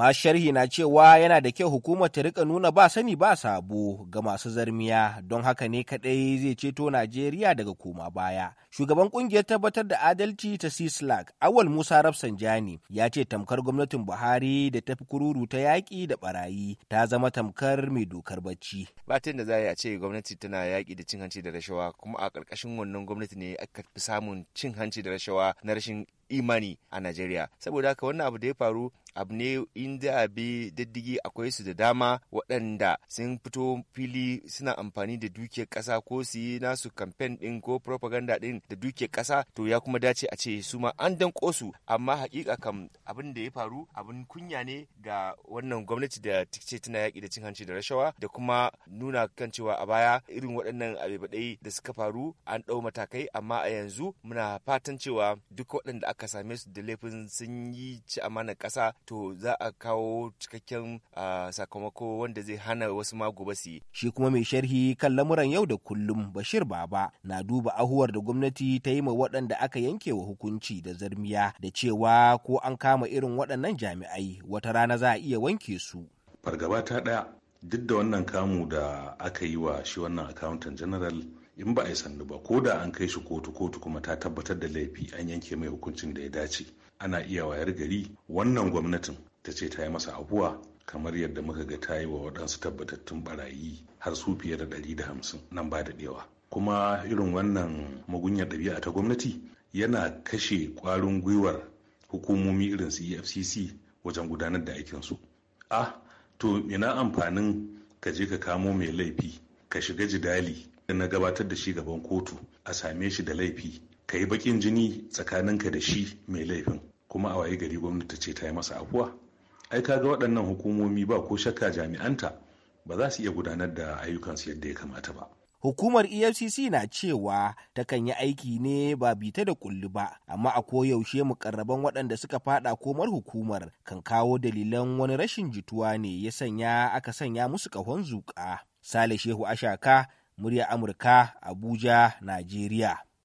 amma sharhi na cewa yana da kyau hukumar ta rika nuna ba sani ba sabo ga masu zarmiya don haka ne kadai zai ceto Najeriya daga koma baya. Shugaban kungiyar tabbatar da adalci ta CISLAC, Awal Musa Rafsanjani, ya ce tamkar gwamnatin Buhari da tafi kururu ta yaƙi da barayi ta zama tamkar mai dokar bacci. Batin da za a ce gwamnati tana yaƙi da cin hanci da rashawa kuma a ƙarƙashin wannan gwamnati ne aka fi samun cin hanci da rashawa na rashin imani a Najeriya. Saboda haka wannan abu da ya faru abu ne in bi daddigi akwai su da dama waɗanda sun fito fili suna amfani da dukiyar ƙasa ko su yi nasu kamfen ɗin ko propaganda ɗin da dukiyar ƙasa to ya kuma dace a ce su ma an danko su amma hakika kam abin da ya faru abin kunya ne ga wannan gwamnati da tace tana yaƙi da cin hanci da rashawa da kuma nuna kan cewa a baya irin waɗannan abebaɗai da suka faru an ɗau matakai amma a yanzu muna fatan cewa duk waɗanda aka same su da laifin sun yi ci amanar ƙasa to za a kawo cikakken sakamako wanda zai hana wasu ma ba su Shi kuma mai sharhi kan lamuran yau da kullum Bashir Baba na duba ahuwar da gwamnati ta yi ma waɗanda aka yanke wa hukunci da zarmiya da cewa ko an kama irin waɗannan jami'ai wata rana za a iya wanke su. Fargaba ta ɗaya duk da wannan kamu da aka yi wa shi wannan accountant general in ba a yi sannu ba ko da an kai shi kotu kotu kuma ta tabbatar da laifi an yanke mai hukuncin da ya dace ana iya wayar gari wannan gwamnatin ta ce ta yi masa abuwa kamar yadda muka ga ta yi wa waɗansu tabbatattun barayi har su fiye da ɗari da hamsin nan ba da ɗewa kuma irin wannan mugunyar ɗabi'a ta gwamnati yana kashe ƙwarin gwiwar hukumomi irin su efcc wajen gudanar da aikinsu ah to ina amfanin ka je ka kamo mai laifi ka shiga jidali da na gabatar da shi gaban kotu a same shi da laifi ka yi baƙin jini tsakaninka da shi mai laifin kuma a waye gari gwamnati ce ta yi masa afuwa ai kaga waɗannan hukumomi ba ko shakka jami'anta ba za su iya gudanar da ayyukansu yadda ya kamata ba hukumar efcc na cewa takan yi aiki ne ba bita da kulli ba amma a koyaushe mukarraban waɗanda suka fada komar hukumar kan kawo dalilan wani rashin jituwa ne ya sanya aka sanya musu ƙahon zuƙa sale shehu ashaka murya amurka abuja najeriya